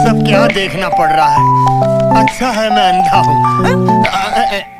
सब क्या देखना पड़ रहा है अच्छा है मैं अंधा हूँ हाँ?